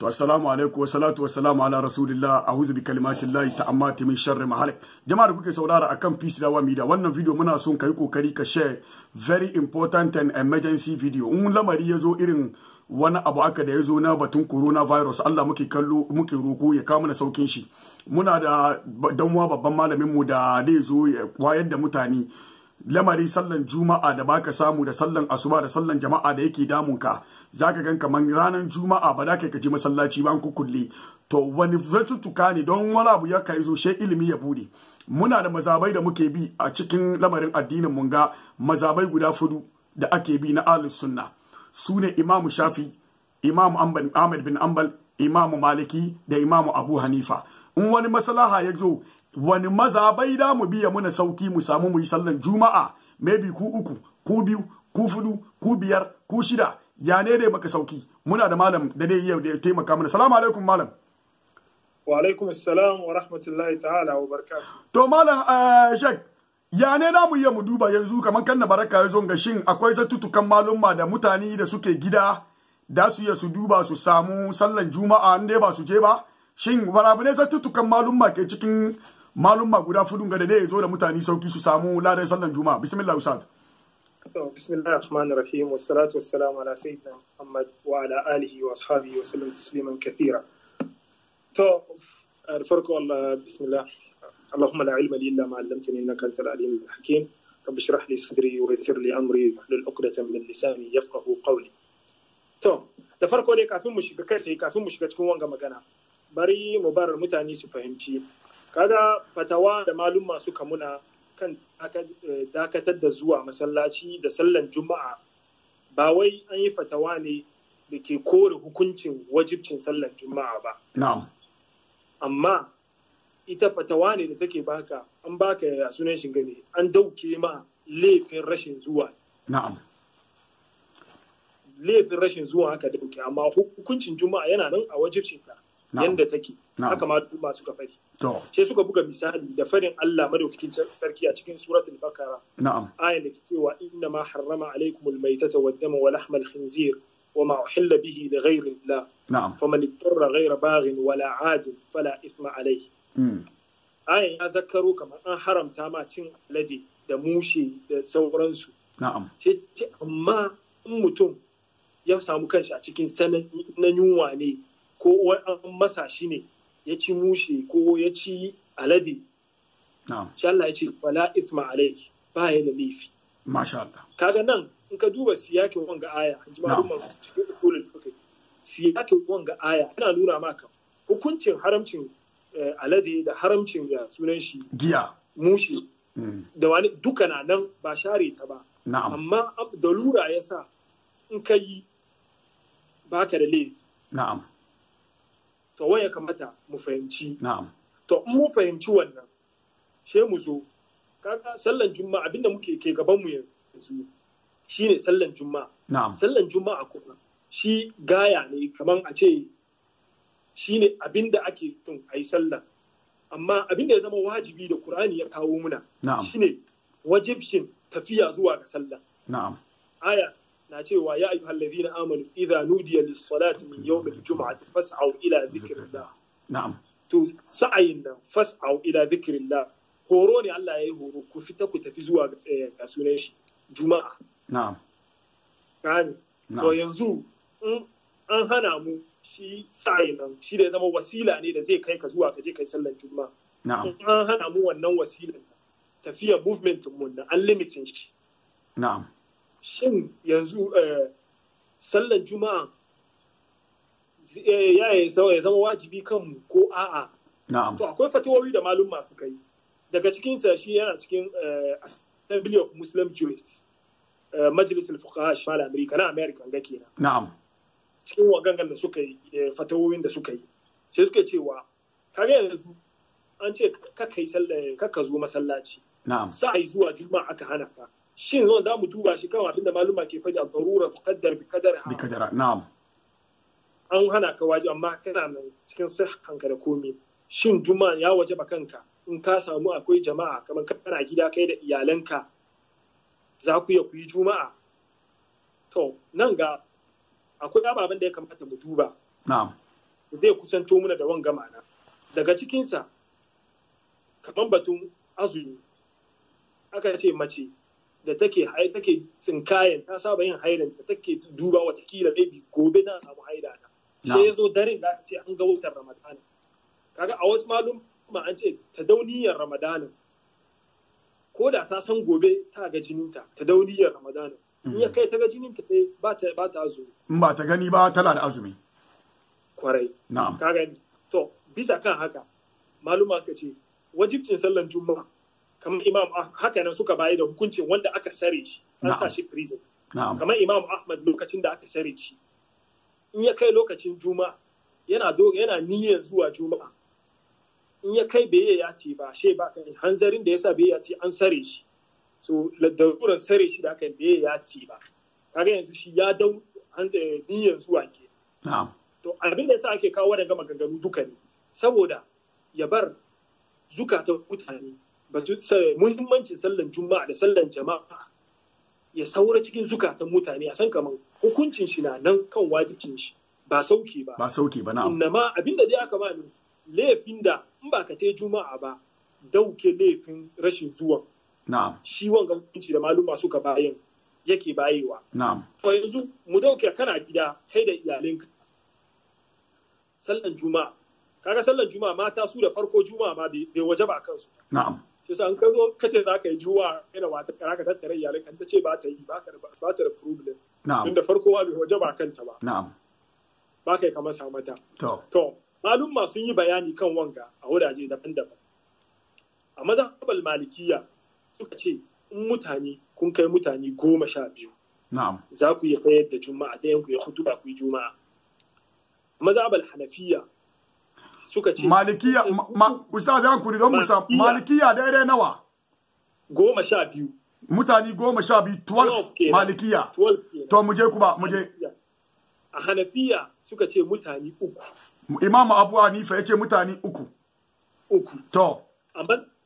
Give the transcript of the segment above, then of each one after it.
to assalamu alaikum wa salamu ala rasulillah a'udhu bi kalimatillahi ta min sharri ma jama'a da kuke saurara akan peace dawa media wannan video muna son yi kokari ka share very important and emergency video in lamari ya zo irin wani abu aka da ya zo na batun corona virus. Allah muke kallo muke roko ya kawo mana saukin shi muna da danwa babban malamin mu da zai zo ya wayar da mutane lamari sallan juma'a da baka samu da sallan asuba da sallan jama'a da yake damunka zaka gan kaman ranar juma'a ba za ka ka masallaci ba ku kukulle to wani tutu-tuka ne don wani abu ya kai zo shi ilimi ya bude muna da mazabai da muke bi a cikin lamarin addinin mun ga mazabai guda fudu da ake bi na ahlus sunna su ne imamu shafi ahmad bin ambal Imam maliki da Imam abu hanifa in wani maslaha ya zo wani mazabai da mu biya muna sauki mu samu mu yi sallan juma'a maybe ku uku ku biyu ku fudu ku biyar ku shida ya ne dai maka sauki muna da malam da dai yau da ya taimaka mana salamu alaikum malam wa alaikum assalam wa rahmatullahi ta'ala wa barakatuh to malam eh, shek ya ne namu iya mu duba yanzu kamar kan na baraka ya zo ga shin akwai zattutukan malumma da mutane da suke gida da su iya su duba su samu sallan juma'a inda ba su je ba shin wani abu ne zattutukan malumma ke cikin malumma guda fudun ga da ya zo da mutane sauki su samu ladan sallan juma'a bismillah ustaz بسم الله الرحمن الرحيم والصلاة والسلام على سيدنا محمد وعلى آله وأصحابه وسلم تسليما كثيرا تو الفرق والله بسم الله اللهم لا علم لي إلا ما علمتني إنك أنت العليم الحكيم رب اشرح لي صدري ويسر لي أمري واحلل عقدة من لساني يفقه قولي تو da farko dai kafin mu shiga kai sai kafin mu shiga cikin wanga magana bari mu bar mutane su fahimci kaga fatawa da malumma suka muna Kan eh, dakatar da zuwa masallaci da sallan juma'a ba wai an yi fatawa ne da ke kore hukuncin wajibcin sallan juma'a ba amma ita fatawa ne da take baka an baka ya sunan ne, an dauke ma laifin rashin zuwa na'am laifin rashin zuwa haka dauke amma hukuncin juma'a yana nan a wajibcin ka yanda take haka ma al'umma suka fari sai suka buga misali da farin Allah madaukakin sarki a cikin suratul bakara na'am ayan da ke cewa inna ma harrama alaikumul maitata wad dama wa lahmal khinzir wa ma uhilla bihi li ghayri Allah na'am faman ittara ghayra baghin wala 'adin fala ithma alayhi hmm. ayan ya zakkaro kamar an haramta ma cin alade da mushe da sauransu na'am amma in mutum ya samu kanshi a cikin sanan na yunwa ne ko an masa shi ne ya ci mushe ko ya ci alade shi Allah ya ce Bala isma alaiki ba ya da laifi masha Allah kaga nan in ka duba siyakin wanga aya in ji malumman cikin usulul fiqh siyakin wanga aya yana nuna maka hukuncin haramcin eh, alade da haramcin ya sunan shi giya mushe mm. da wani duka na nan ba share ta ba amma da lura ya sa in ka yi baka da laifi na'am to wai ya kamata mu fahimci to in mu fahimci wannan she mu zo kaga sallan juma'a abinda muke ke gaban mu yanzu shine sallan juma'a sallan juma'a kuma shi gaya ne kaman a ce shine abinda ake tun yi sallah amma abinda ya zama wajibi da kur'ani ya kawo muna shine wajibshin tafiya zuwa ga Na'am. aya na cewa ya ayyuhal ladina amanu idza nudiya lis-salati min yawmil jum'ati fas'au ila dhikrillah na'am to sa'ayin nan fas'au ila dhikrillah horo ne Allah ya yi horo ku fita ku tafi zuwa ga eh, sunan shi juma'a na'am kani to yanzu an hana mu shi sa'ayin nan shi da ya zama wasila ne da zai kai ka zuwa ka je kai sallar juma'a na'am an hana mu wannan wasilan tafiya movement mun na unlimited shi na'am shin yanzu eh, sallar juma'a eh, ya ya zama wajibi kanmu ko a'a to akwai fatawowi da malum masu kai daga cikin shi yana cikin eh, assembly of muslim jurists majalisar fuqaha shimal amerika na amerika ga kenan na'am cikin wagangan da suka yi fatawoyin da suka yi sai suka cewa kare yanzu an ce kaka zo masallaci yi zuwa juma'a aka hana ka shin zan za mu duba shi kan abinda maluma ke faɗi a darura ta kaddar bi kadara bi na'am an hana ka waje amma kana nan cikin hanka da komi shin juma ya waje ba kanka in ka samu akwai jama'a kamar kana gida kai da iyalanka za ku iya ku yi juma'a to nan ga akwai ababen da ya kamata mu duba na'am zai kusanto muna da wanga mana daga cikinsa kamar batun azumi aka ce mace da take take tsinkayen ta saba yin hairin da take duba watakila maybe gobe na samu haida ta sai ya zo daren da ce an ga wautar ramadana kaga a wasu malum ma an ce ta dauniyar ramadana ko da ta san gobe ta ga jinin ta ta dauniyar ramadana in ya mm. kai ta ga ta sai eh, ba ta ba ta azumi in ba ta gani ba tana da azumi kwarai na'am kaga to bisa kan haka maluma suka ce wajibcin sallan juma'a kamar imam haka nan suka bayi da hukuncin wanda aka sare shi an sa shi prison kamar imam ahmad lokacin da aka sare shi in ya kai lokacin juma'a yana yana niyyar zuwa juma'a in ya kai bai ya ce ba she ba kan hanzarin da yasa bai ya ce an sare shi so laddaruran sare shi da aka bai ya ce ba kaga yanzu shi ya dau eh, niyyar zuwa ke to abin da yasa ake kawo wadanga maganganu duka ne saboda ya bar zukatan mutane sa muhimmancin sallan juma'a da sallan jama'a ya saura cikin zukatan mutane a san kamar hukuncin shi na nan kan wajibcin shi ba sauki ba ba sauki ba na'am innama abinda dai aka bani laifin da in ba ka te juma'a ba dauke laifin rashin zuwa na'am shi wanga hukunci da maluma suka bayan yake bayewa na'am to yanzu mu dauke kana gida kai da iyalinka sallan juma'a kaga sallan juma'a mata su da farko juma'a ma bai wajaba kansu na'am shi yasa an ka zo ka ce za ka yi juwa irin wata kara ka tattara iyalai kan ta ce ba ta yi ba ta da problem tun da farko wa bai ba kanta ba na'am ba kai kamar sa mata to to malum ma sun yi bayani kan wanga a wuraje daban-daban a mazhabal malikiya suka ce in mutane kun kai mutane goma sha biyu na'am za ku yi fayar da juma'a dayanku yanku ya hutu ku yi juma'a mazhabal hanafiya suka ce malikiya ma ustaz ya kuri don musa malikiya daidai nawa goma sha biyu mutane goma sha biyu 12 malikiya to muje je kuma muje a hanafiya suka ce mutane uku imamu abu hanifa ya ce mutane uku uku to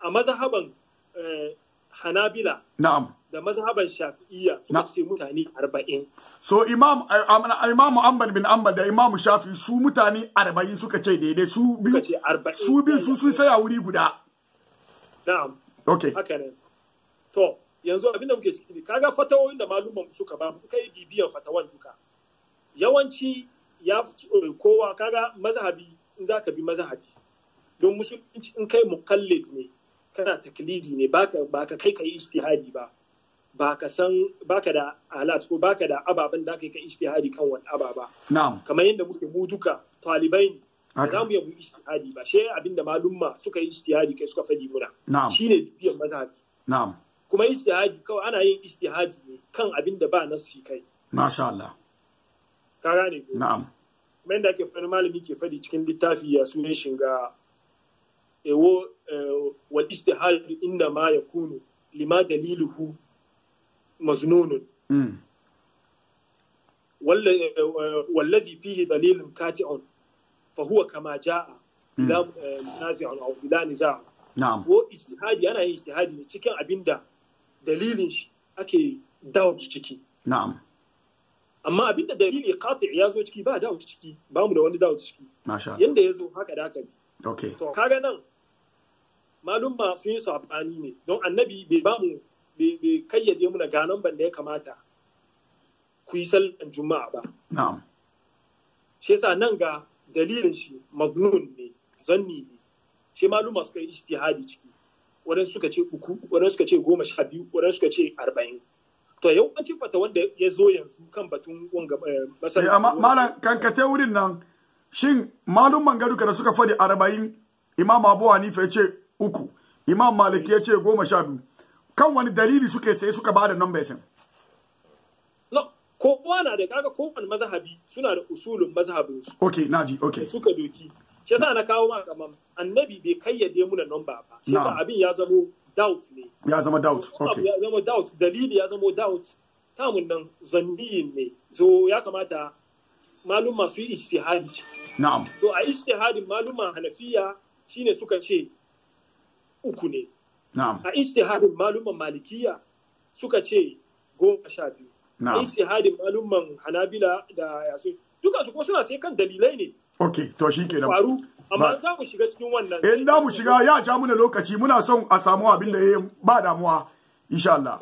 a mazhaban eh, hanabila na'am da mazhaban shafi'iyya suka ce mutane arba'in. So imam imamu Amban bin Amban da imamu Shafi su mutane arba'in suka ce daidai su biyu su biyu su sun saya wuri guda. Na'am. Okay. Haka ne. To yanzu abin da muke ciki ne kaga fatawoyin da malumman suka ba muka yi bibiyar fatawan duka. Yawanci ya eh, kowa kaga mazhabi in za ka bi mazhabi don musulunci in kai mukallid ne kana taklidi ne ba ka kai ka yi ijtihadi ba. ba ka san ka da alat ko ka da ababen da yi ka ijtihadi kan wani ababa na'am kamar yadda muke mu duka talibai ne ba za mu yi mu ijtihadi ba shi abin da malumma suka yi ijtihadi kai suka fadi muna na'am ne biyan mazhabi na'am kuma ijtihadi kawai ana yin ijtihadi ne kan abin da ba nassi kai masha Allah ka gane na'am kuma yadda ake fadi malami ke fadi cikin littafi ya sunan shinga ewo eh, wal ijtihadi inda ma ya kunu lima daliluhu maznunun wallazi fihi dalilun kati'un fa huwa kama ja'a ila nazi'un aw bila niza' ko ijtihadi ana yin ijtihadi ne cikin abinda dalilin shi ake doubt ciki na'am amma abinda dalili qati' ya zo ciki ba doubt ciki ba mu da wani doubt ciki yanda ya zo haka da haka okay to kaga nan malum ma sun yi sabani ne don annabi bai ba mu bai kayyade muna ga ban da ya kamata ku yi sallan juma'a ba na'am shi yasa nan ga dalilin shi magnun ne zanni ne shi lumar suka yi ijtihadi ciki wadan suka ce uku wadan suka ce goma sha biyu wadan suka ce arba'in to yau an ce fata wanda ya zo yanzu kan batun wanga eh, masana eh, amma malam kankate wurin nan shin malumman garuka da suka fadi arba'in imam abu hanifa ya ce uku imam maliki ya ce goma sha biyu kan wani dalili suke sai suka ba da numbers kowa na da kaga kowane mazhabi suna da usulun mazhabin su okay naji okay suka doki shi yasa na kawo maka mam annabi bai kayyade mu da number ba shi yasa abin ya zamo doubt ne ya zama doubt okay ya zama doubt dalili ya zama doubt tamun nan zanniyin ne so ya kamata malum masu yi ijtihadi na'am to a ijtihadin maluma hanafiya shine suka ce uku ne a istihadin malumman malikiya suka ce goma sha biyu a istihadin malumman hanabila da yasu duka su kuma suna sai kan dalilai ne ok to shi ke faru amma za mu shiga cikin wannan in eh, za mu shiga ya ja muna lokaci muna son a samu abin da ya ba damuwa insha Allah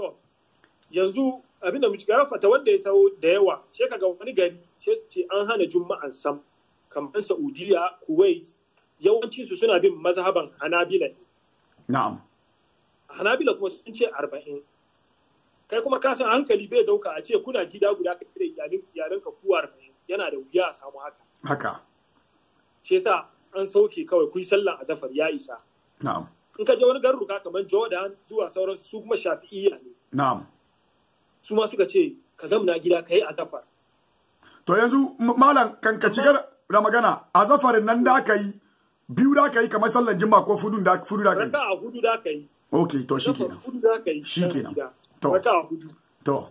yanzu abin da mu shiga fata wanda ya tawo da yawa sai kaga wani gari sai ce an hana juma'an sam kamar Saudiya Kuwait yawancin su suna bin mazhaban Hanabila na'am hanabila kuma sun ce arba'in kai kuma kasan hankali bai dauka a ce kuna gida guda ka kira ka ku arba'in yana da wuya a samu haka haka shi yasa an sauke kawai kun sallan azafar ya isa na'am in ka je wani garuruka kamar Jordan zuwa sauran su kuma shafi'iyya ne na'am su ma suka ce ka zamna gida ka yi azafar to yanzu malam kan ka ci da magana azafarin nan da ka yi biyu da ka yi kamar sallan jimma ko fudu da ka yi raka'a hudu da ka yi ok to shi kenan shi kenan to to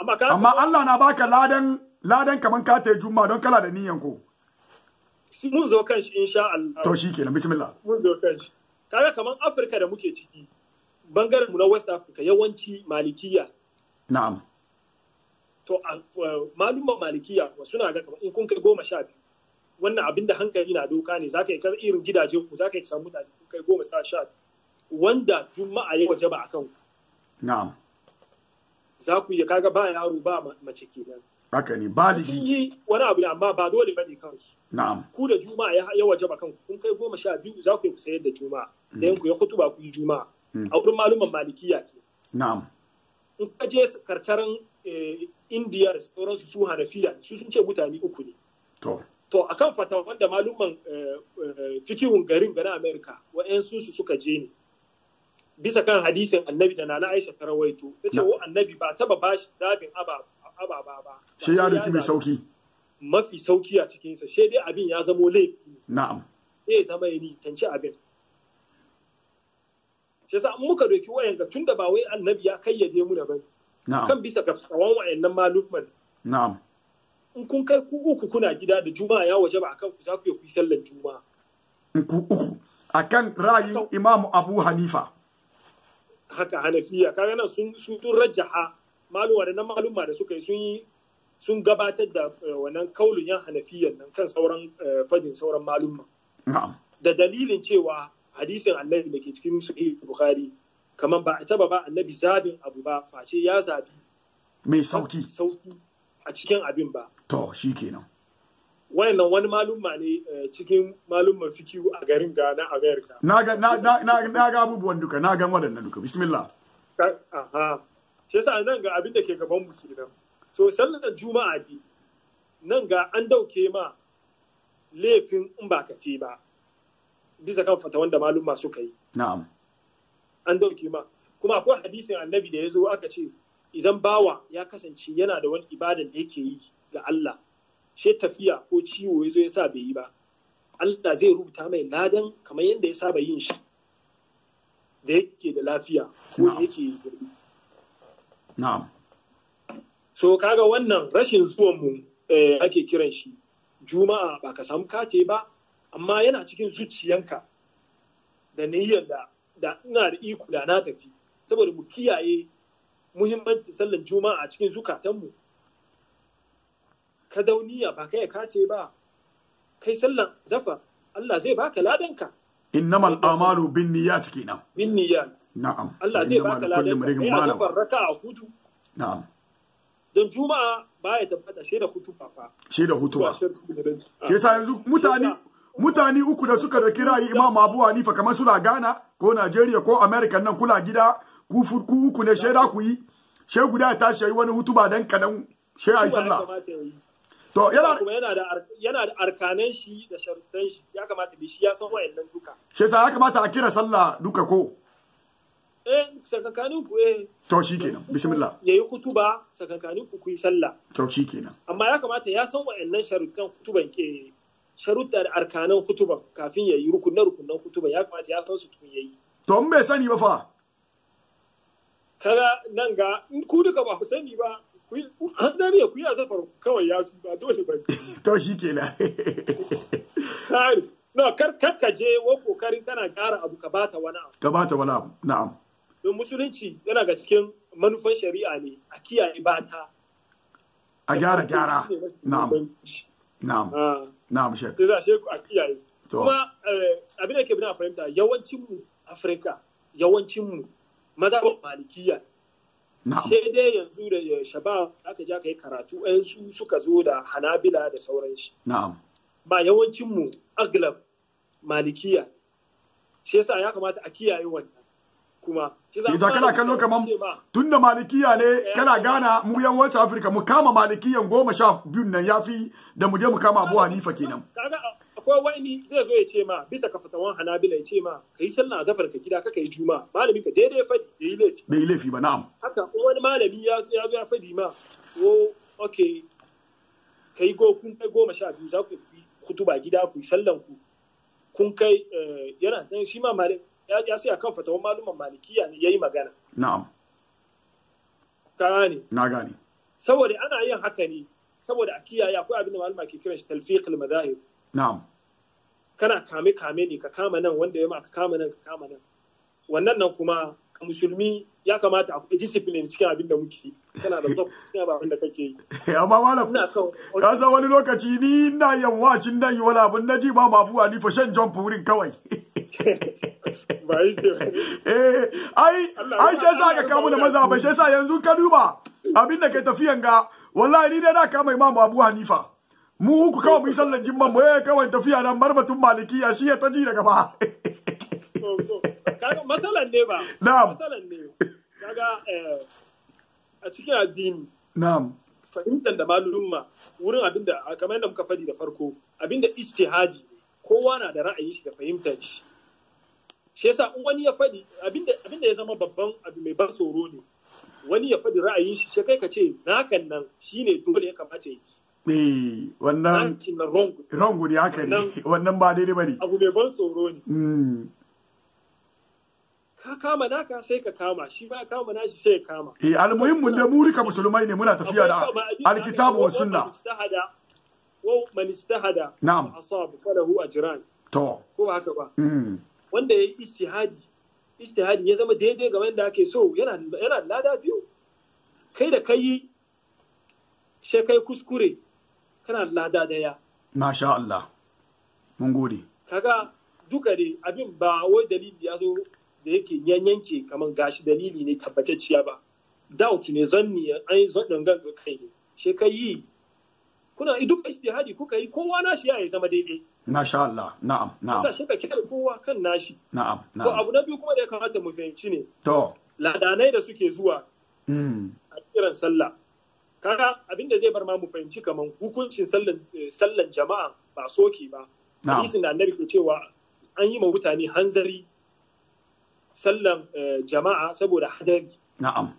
amma Allah na baka ladan ladan kaman ka ta juma don kala da niyan ko mun zo kan shi insha Allah to shi kenan bismillah mun zo kan shi kaga kaman Afirka da muke ciki bangaren mu na West Africa yawanci malikiya na'am to malumman malikiya suna ga kaman in kun kai goma sha biyu wannan abinda hankali na doka ne zaka yi irin gidaje ku zaka yi samu mutane kun kai goma sha biyu wanda juma'a ya waje ba a kan na'am za ku iya kaga ba yaro ba mace kenan haka ne baligi sun yi wani abu amma ba dole ne kansu na'am ku da juma'a ya waje ba kanku kun kai goma sha biyu za ku yi sayar da juma'a da mm. yanku ya ba ku yi juma'a mm. a wurin malumin malikiya ke na'am in ka je karkaran eh, indiya da sauransu su hanafiya su sun ce mutane uku ne to to kan fata wanda maluman eh, eh, fikihun garin garin Amerika, wa'yan su suka je ne bisa kan hadisin annabi da nana Aisha ta rawaito ta ce wa annabi ba taba bashi zabin ababa ba shi ya duki mai sauki mafi sauki a cikinsa shi dai abin ya zamo laifi na'am sai zama ya tanci abin shi yasa an muka doki wayan ga tunda ba wai annabi ya kayyade mu da bane kan bisa ga tsawon ma malukman na'am in kun kai ku uku kuna gida da juma'a ya waje ba akan ku za ku yi sallar juma'a ku uku akan ra'ayin imamu abu hanifa haka hanafiya kaga nan sun sun tun rajaha maluma da na maluma da suka yi sun yi sun gabatar da eh, wannan kaulun yan hanafiyan nan kan sauran eh, fadin sauran maluma da dalilin cewa hadisin annabi da ke cikin sahih bukhari kamar ba a taba ba annabi zabin abu ba face ya zabi mai sauki a cikin abin ba to shikenan wayannan wani malumma ne eh, cikin malumma fikiyu a garin ga na America. Na ga abubuwan duka, na ga waɗannan duka, bismillah. Aha, shi yasa nan ga abin da ke gaban mu kenan. So sallar juma'a bi nan ga an dauke ma laifin in ba ka ce ba. Bisa kan fata wanda malumma suka yi. Na'am. An dauke ma. Kuma akwai hadisin annabi da ya zo aka ce, idan bawa ya kasance yana da wani ibadan da yake yi ga Allah, Shi tafiya ko ciwo ya zo ya sa bai yi ba Allah zai rubuta mai ladan kamar yadda ya saba yin shi da yake da lafiya ko da yake na'am so kaga wannan rashin zuwan mu eh, ake kiran shi juma'a ba ka samu kate ba amma yana cikin zuciyanka da niyyar da da ina da iko da na tafi saboda mu kiyaye muhimmanci sallar juma'a a cikin zukatanmu ka dauniya ba kai ka ce ba kai sallan zafa Allah zai baka ladanka innamal amalu bin niyyat kenan bin niyyat na'am Allah zai baka ladanka Ina zafa raka'a hudu na'am don juma'a baya tabbata shaida hutuba fa shaida ba ah. shi yasa yanzu mutane mutane uku da suka da kirayi imam abu hanifa kamar suna ghana ko najeriya ko america nan kula gida ku uku ne shaida ku yi shai guda ta shi wani hutuba dan kadan shai ayi sallah To yana kuma yana da yana da arkanan shi da sharuɗan shi ya kamata bi shi ya san wayannan duka. Shi yasa ya kamata a kira sallah duka ko? Eh sakankanin ku eh. To shikenan bismillah. yi kutuba sakankanin ku ku yi sallah. To shikenan. Amma ya kamata ya san wayannan sharuɗan kutuban ke sharuɗa da arkanan kutuban kafin ya yi rukunan rukunan kutuban ya kamata ya san su tun yayi. To in bai sani ba fa? Kaga nan ga ku duka ba ku sani ba hannu ne ku yi asabar kawai ya su, ba dole ba to shi kenan na kar ka je wa kokarin kana ƙara abu ka bata wani abu ka bata wani abu na'am don musulunci yana ga cikin manufan shari'a ne a kiyaye bata a gyara gyara na'am na'am ah. na'am shek da shi a kiyaye kuma eh, abin da ke bi fahimta yawancin mu afirka yawancin mu maza malikiya sai dai yanzu da shabab aka ja ka yi karatu su suka zo da hanabila da sauran shi ba yawancin mu aglab malikiya shi yasa ya kamata a kiyaye wannan kuma za kana kallo kaman da malikiya ne eh, kana gana mu yan wata Afirka mu kama malikiyan goma sha biyun nan ya fi da mu je mu kama Abu nifa kenan. akwai wani zai zo ya ce ma bisa ka fatawan hanabila ya ce ma ka yi sallah zafar ka gida ka yi juma malami ka daidai fadi da yi laifi da yi laifi ba na'am haka wani malami ya zo ya fadi ma ko oh, okay ka yi kun kai goma sha biyu za ku yi kutuba gida ku yi sallan ku kun kai eh, yana nan shi ma ya sai akan fatawan maluman malikiya ne yayi magana na'am ka gane na gane saboda ana yin haka ne saboda a kiyaye akwai abin da malama ke kiran shi talfiq al madahib na'am kana kame kame ne ka kama nan wanda ya ma ka kama nan ka kama nan wannan nan kuma musulmi ya kamata akwai discipline cikin abin da muke kana da zop cikin abin da kake yi eh, amma malam ka san wani lokaci ni ina yan wacin dan yi wala abin naji ba babu ali fa shan jump wurin kawai ba yi eh ai ai sai sa ka kamu da maza ba sai sa yanzu ka duba abin da ke tafiyan ga wallahi ni dai na kama imam Abu Hanifa mu uku kawai mun sallan jimman mu eh kawai tafiya nan bar batun malikiya shi ya taji daga ba kaga masalan ne ba na'am masalan ne kaga eh, a cikin addini na'am fahimtar da malumma wurin abinda kamar yadda muka fadi da farko abinda ijtihadi kowa na da ra'ayin shi da fahimtar shi shi yasa in wani ya fadi abinda abinda ya zama babban abu mai ban tsoro ne wani ya fadi ra'ayin shi sai kai ka ce nakan nan shine dole ya kamata ya Eh, wannan wrong ne haka ne, wannan ba daidai ba ne. Abu mai ban tsoro ne. Hmm. Ka kama naka sai ka kama, shi ba kama nashi sai ya kama. Eh, almuhimmu da murika musulmai ne muna tafiya da alkitabu wa sunna. Wa man ijtahada na'am asab falahu ajran. To. Ko ba haka ba. Hmm. Wanda ya yi istihadi, istihadi ya zama daidai ga wanda ake so yana yana lada biyu. Kai da kai sai kai kuskure kana da lada daya masha Allah mun gode kaga duka dai abin ba wai dalili ya zo da yake yanyanke kamar gashi dalili ne tabbatacciya ba doubt ne zanni an yi zannin ganga kai ne she kai yi kuna duk hadi kuka yi kowa nashi ya zama daidai masha Allah na'am na'am sai ka kira kowa kan nashi na'am na'am ko abu na biyu kuma da ya kamata mu fahimci ne to ladanai da suke zuwa mm. a kiran sallah kaga abin da zai bar ma mu fahimci kamar hukuncin eh, sallan jama'a ba soke ba hadisin da annabi ke cewa an yi ma mutane hanzari sallan eh, jama'a saboda hadari na'am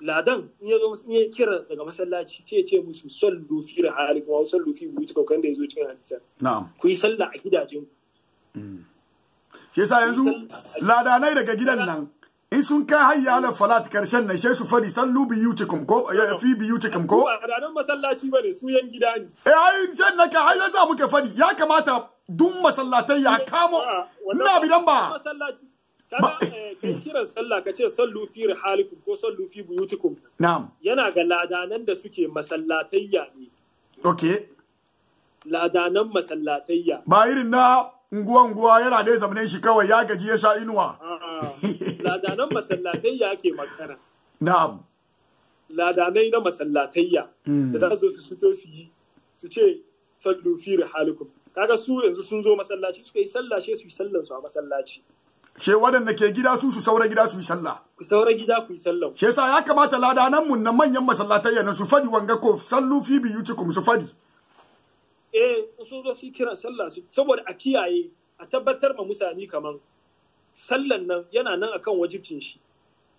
ladan in ya zo ya kira daga masallaci ce ce musu sallu fi rahalikum wa sallu fi buyutikum kan da yazo cikin hadisan na'am ku yi sallah a gidajen ku mm. shi yasa yanzu ladanai daga gidan nan in sun kai hayya ala falat karshen nan sai su fadi sallu biyutikum ko fi biyutikum ko ba ranan masallaci bane su yan gida ne eh ai san naka ai yasa muke fadi ya kamata duk masallatai ya kamo ah, ina bidan ba kada kai kiran sallah ka ce sallu fi rihalikum ko sallu fi buyutikum na'am yana ga ladanan da suke masallatayya ne okay ladanan masallatayya ba irin na unguwa-unguwa yana dai zamanin shi kawai ya gaji ya sha inuwa ah, ladanan masallatayya ake magana na'am ladanai na masallatayya hmm. da za su fito su yi su ce sallu fi rihalikum kaga su yanzu sun zo masallaci suka yi sallah su yi sallan su a masallaci she waɗanda ke gida su su saura gida su yi sallah ku saura gida ku yi sallah she yasa ya kamata ladanan mun na manyan masallatayya na su fadi wanga ko sallu fi biyutikum su fadi eh sun zo su kiran sallah su saboda a kiyaye a tabbatar ma musani kaman sallan nan yana nan akan wajibcin shi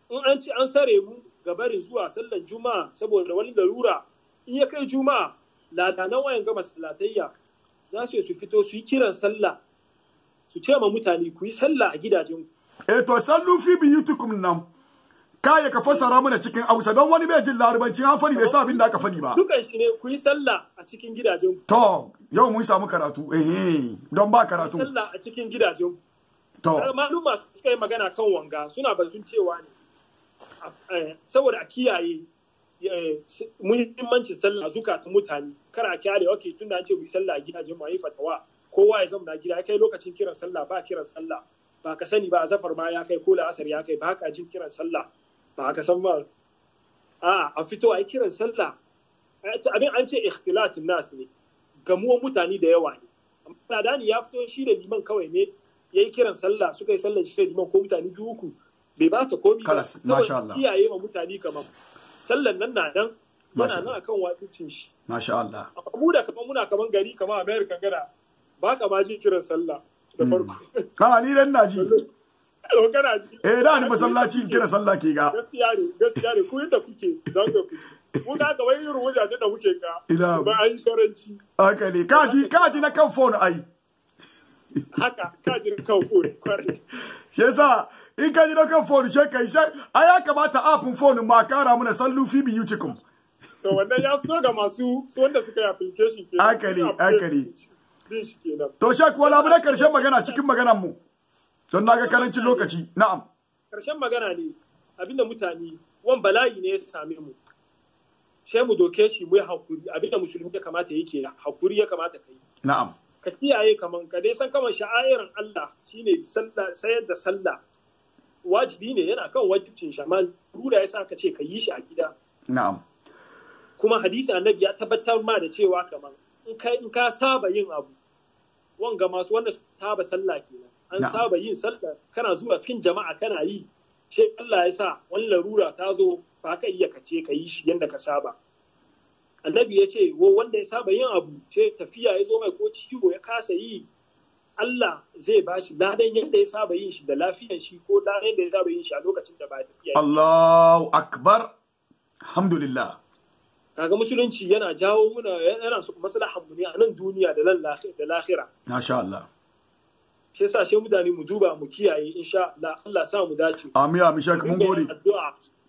in an ci an sare mu ga barin zuwa sallan juma'a saboda wani larura in ya kai juma'a nan wayan gama salatayya za su su fito su yi kiran sallah su ce ma mutane ku yi sallah a gidajen ku eh to sallu fi tukun nan kaya ka fassara mana cikin Hausa don wani bai jin larabanci an fani bai sa abin da aka fani ba dukan shi ne ku yi sallah a cikin gidajen ku to yau mun samu karatu eh, eh don ba karatu sallah a cikin gidajen ku maluma suka yi magana kan wanga suna batun cewa ne eh, saboda a kiyaye eh, muhimmancin sallah ta mutane kar a kyale okay tunda an ce mu yi sallah a gida jama'a yi fatawa kowa ya zama gida ya kai lokacin kiran sallah ba kiran sallah ba ka sani ba zafar ma ya kai ko la'asar ya kai ba ka jin kiran sallah ba ka san ba a a fito a yi kiran sallah eh, abin an ce ikhtilatin nas ne gamuwan mutane da yawa ne amma ladani ya fito shi da liman kawai ne ya yi kiran sallah suka yi sallah shi liman ko mutane biyu uku bai ba ta komi ba saboda iyaye ma mutane kamar sallan nan na nan mana nan akan wajibcin shi masha Allah mu da kamar muna kaman gari kamar America gara ba ka ma jin kiran sallah da hmm. farko kana ni dan naji to kana ji eh da ni masallaci kiran sallah ke ga gaskiya ne gaskiya ne ku yadda kuke zan ga kuke ga irin wajajen da kuke ga ba ai karanci haka ne kaji kaji na kan phone ai haka ka ji kan phone kwarai shi yasa in ka ji na kan phone shi kai sai a ya kamata apin phone ma kara mana san lufi biyu cikin to wannan ya fito ga masu su wanda suka yi application ke akali akali to shek wala mu na karshen magana cikin maganan mu don naga karancin lokaci na'am karshen magana ne abinda mutane wan bala'i ne ya same mu sai mu doke shi mu yi hakuri abinda musulmi ya kamata yake hakuri ya kamata kai na'am ka kiyaye kaman ka dai san kaman sha'airan Allah shine ne sayar da sallah wajibi ne yana kan wajibcin shi amma ruda sa ka ce ka yi shi a gida na'am kuma hadisi annabi ya tabbatar ma da cewa kaman in ka in ka saba yin abu wanga masu wanda saba sallah kenan an saba yin sallah kana zuwa cikin jama'a kana yi sai Allah ya sa wani larura ta zo ba ka iya kace ka yi shi yanda ka saba annabi ya ce wo wanda ya saba yin abu ce tafiya ya zo mai ko ciwo ya kasa yi Allah zai ba shi ladan yadda ya saba yin shi da lafiyar shi ko ladan yadda ya saba yin shi a lokacin da ba tafiya Allahu akbar alhamdulillah kaga musulunci yana jawo muna yana su maslahan mu ne a nan duniya da nan da lahira masha Allah shi yasa shi mutane mu duba mu kiyaye insha Allah Allah sa mu dace amin amin shaka mun gode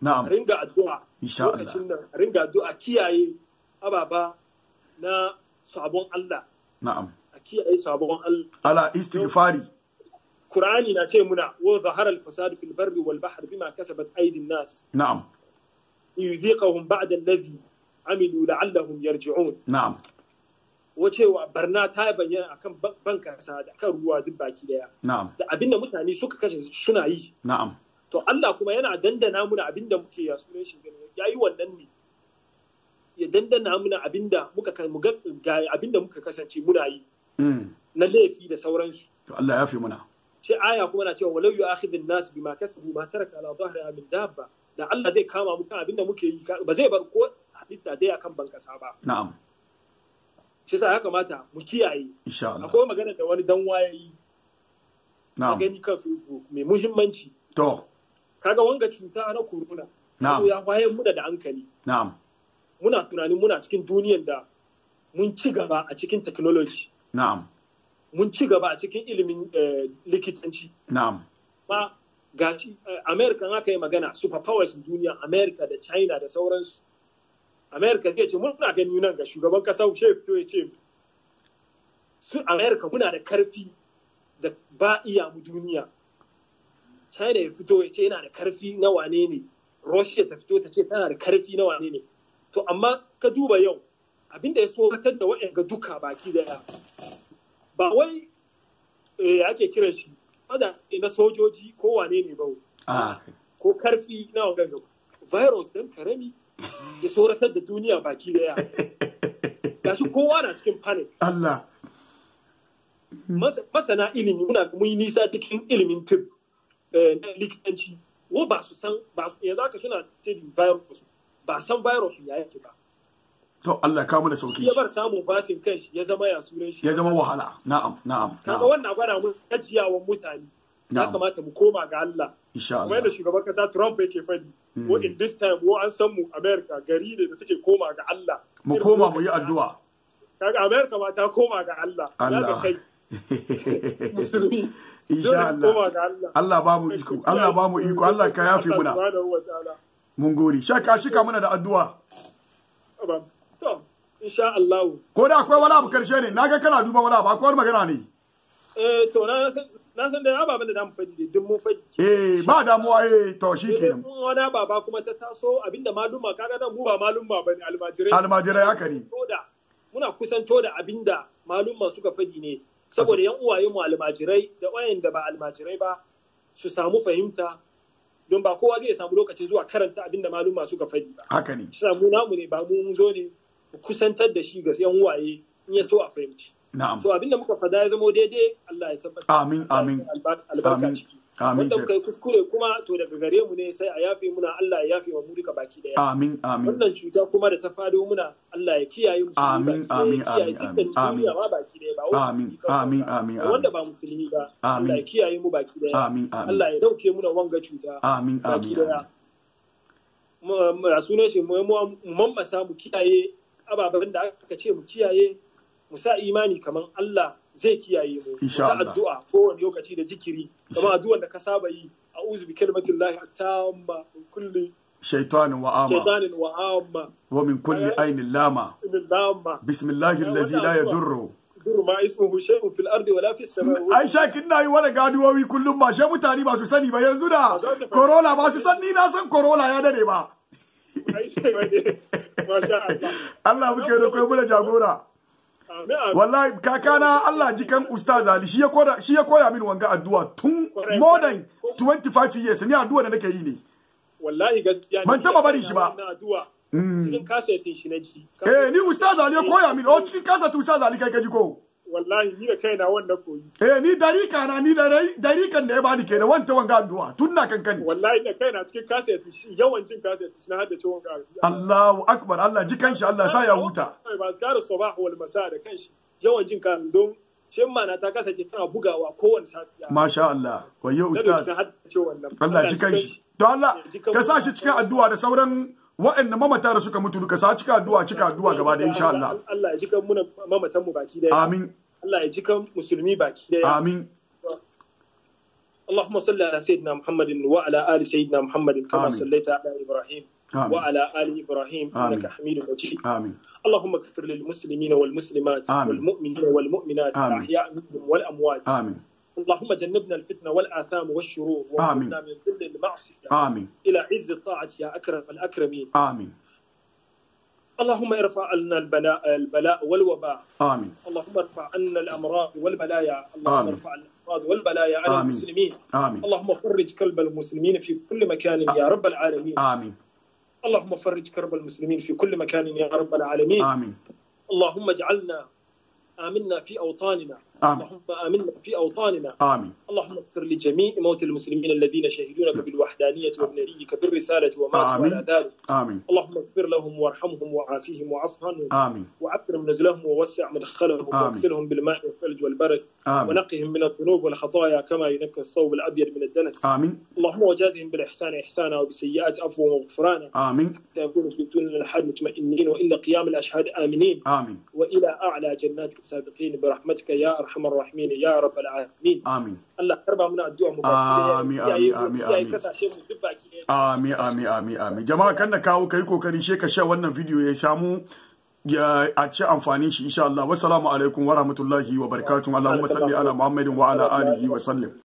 na'am ringa addu'a insha Allah ringa addu'a kiyaye ababa na sabon Allah na'am a kiyaye sabon Allah ala istighfari Qur'ani na ce muna wa zahara al-fasad fil barri wal bahr bima kasabat aydin nas na'am yudhiqahum ba'da alladhi amilu la'allahum yarji'un na'am wacewa barna ta bayyana akan ban kasa da kan ruwa duk baki daya da abinda mutane suka kashe suna yi na'am to Allah kuma yana dandana muna abinda muke ya sunan shi ya yayi wannan ne ya dandana muna abinda muka abinda muka kasance muna yi hmm. na laifi da sauransu to Allah ya fi muna shi aya kuma na cewa walau yu'akhidun nas bima kasabu ma taraka ala dhahriha min dabba da Allah zai kama mu kan abinda muke yi ba zai bar ko halitta dai akan ban kasa ba na'am shi sa ya kamata mu kiyaye insha Allah akwai magana da wani dan yi na'am gani kan Facebook mai muhimmanci to kaga wanga cuta na corona na'am ya waye mu da hankali na'am muna tunanin muna cikin duniyan da mun ci gaba a cikin technology na'am mun ci gaba a cikin ilimin eh, likitanci na'am ma gashi eh, america aka yi magana superpowers duniya america da china da sauransu america zai ce muna gani nan ga shugaban kasa shi fito ya ce su america muna da karfi da ba iya mu duniya china ya fito ya ce yana da karfi na wane ne russia ta fito ta ce tana da karfi na wane ne to amma ka duba yau abin da ya tsoratar da waɗanda duka baki daya ba wai eh, ake kiran shi wadda na sojoji ko wane ne ba ah, ko karfi na waɗanda virus don karami ya tsoratar da duniya baki daya shi kowa na cikin panic Allah masana ilimi muna mun nisa cikin ilimin tip eh, na likitanci ko ba su san ba su yanzu aka suna cikin virus ba san virus ya yake ba to Allah ka mu da sauki ya bar samun basin shi ya zama ya sunan shi ya zama wahala na'am na'am kaga wannan gwada mu wa mutane ya kamata mu koma ga Allah insha Allah da shugaban kasa Trump yake fadi ko hmm. in this time ko an san mu America gari ne da take koma ga Allah mu koma mu yi addu'a kaga America ma ta koma ga Allah Allah kai musulmi insha Allah Allah ba mu iko Allah ba mu iko Allah ka yafe muna mun gori sha ka shika muna da addu'a to insha Allah ko da akwai wala abu karshe ne naga kana duba wala ba akwai magana ne eh to na san na san da ababen da zamu faɗi din mun faɗi eh ba damuwa eh to shi eh, kenan mun wada baba kuma ta taso abinda maluma kaga dan mu ba maluma bane almajirai almajirai haka ne muna kusanto da abinda maluma suka faɗi ne saboda yan uwaye mu almajirai da wayan da ba almajirai ba su samu fahimta don ba kowa zai samu lokacin zuwa karanta abin da maluma suka faɗi ba haka ne shi samu namu ne ba mun zo ne kusantar da shi ga yan waye in ya so a fahimci na'am so abin da muka fada ya zama daidai Allah ya tabbata amin amin amin Amin. Wanda kai kuskure kuma to daga gare mu ne sai a yafe muna Allah ya yafe wa mu duka baki daya. Amin amin. Wannan cuta kuma da ta fado muna Allah ya kiyaye mu. Amin amin amin amin. Amin baki daya ba amin amin amin. Wanda ba musulmi ba. Amin. Allah ya kiyaye mu baki daya. Amin amin. Allah ya dauke muna wanga cuta. Amin amin. Baki daya. Sunan shi mu mamasa mu kiyaye ababen da aka ce mu kiyaye mu sa imani kaman Allah zai kiyaye mu da addu'a ko wani lokaci da zikiri kuma addu'an da ka saba yi a'udhu bi kalimatillahi tamma min kulli shaytanin wa ama shaytanin wa ama wa min kulli ainin lama lama bismillahi allazi la yadurru yadurru ma ismuhu shay'un fil ardi wala fis samaa'i ai shakin nayi wala gaduwowi kullum ba she mutane ba su sani ba yanzu da corona ba su san ni na san corona ya dade ba Allah muke da kai mu da jagora wallahi kakana Allah jikan ustaz Ali shi ya koya shi ya koya min wanga addu'a tun more than 25 years ni addu'a da nake yi ne wallahi gaskiya ban taba bari shi ba hmm. cikin kasatin shi na ji eh ni ustaz Ali ya koya min o oh, cikin kasatin ustaz Ali kai ka ji ko wallahi ni da kai na wanda koyi eh ni darika na ni da darikan da ya bani ke kenan wanta wanga addu'a tun na kankani wallahi da kai na cikin kaset yawan cin kaset na haddace wanga Allahu akbar Allah ji kanshi Allah sa ya huta ba zkar sabah wal masa da kanshi yawan jin kan don shin ma na ta kasance tana bugawa kowanne safiya masha Allah wayyo ustaz Allah ji kanshi to Allah ka sa shi cikin addu'a da sauran wa'anda mamata da suka mutu duka sa cika addu'a cika addu'a gaba da insha Allah Allah ya ji kan muna mamatan mu baki daya amin Allah ya ji musulmi baki daya amin اللهم صل على سيدنا محمد وعلى ال سيدنا محمد كما صليت على ابراهيم آمين. وعلى آل إبراهيم إنك حميد مجيد آمين. اللهم اغفر للمسلمين والمسلمات آمين. والمؤمنين والمؤمنات الأحياء منهم والأموات آمين. اللهم جنبنا الفتنة والآثام والشرور آمين من ذل المعصية آمين إلى عز الطاعة يا أكرم الأكرمين آمين اللهم ارفع عنا البلاء البلاء والوباء آمين اللهم ارفع عنا الأمراض والبلايا اللهم آمين. ارفع الأمراض والبلايا عن آمين. المسلمين آمين اللهم فرج كلب المسلمين في كل مكان آمين. يا رب العالمين آمين اللهم فرج كرب المسلمين في كل مكان يا رب العالمين آمين اللهم اجعلنا آمنا في أوطاننا آمين. اللهم آمنا في أوطاننا آمين اللهم اغفر لجميع موتى المسلمين الذين شهدونك بالوحدانية وبنبيك بالرسالة وماتوا آمين. على ذلك آمين اللهم اغفر لهم وارحمهم وعافيهم وعف عنهم آمين وعكرم نزلهم ووسع مدخلهم واغسلهم بالماء والثلج والبرد آمين ونقهم من الذنوب والخطايا كما ينقى الثوب الأبيض من الدنس آمين اللهم وجازهم بالإحسان إحسانا وبسيئات عفوا وغفرانا آمين حتى يكونوا في دون الحد مطمئنين وإلى قيام الأشهاد آمنين آمين وإلى أعلى جناتك سابقين برحمتك يا أرحم arhamar rahimin ya rabbal alamin amin amin amin amin amin kan da kawo kai kokari she ka sha wannan video ya samu ya a ci amfanin shi insha Allah wassalamu alaikum wa rahmatullahi wa barakatuh Allahumma salli ala alihi wa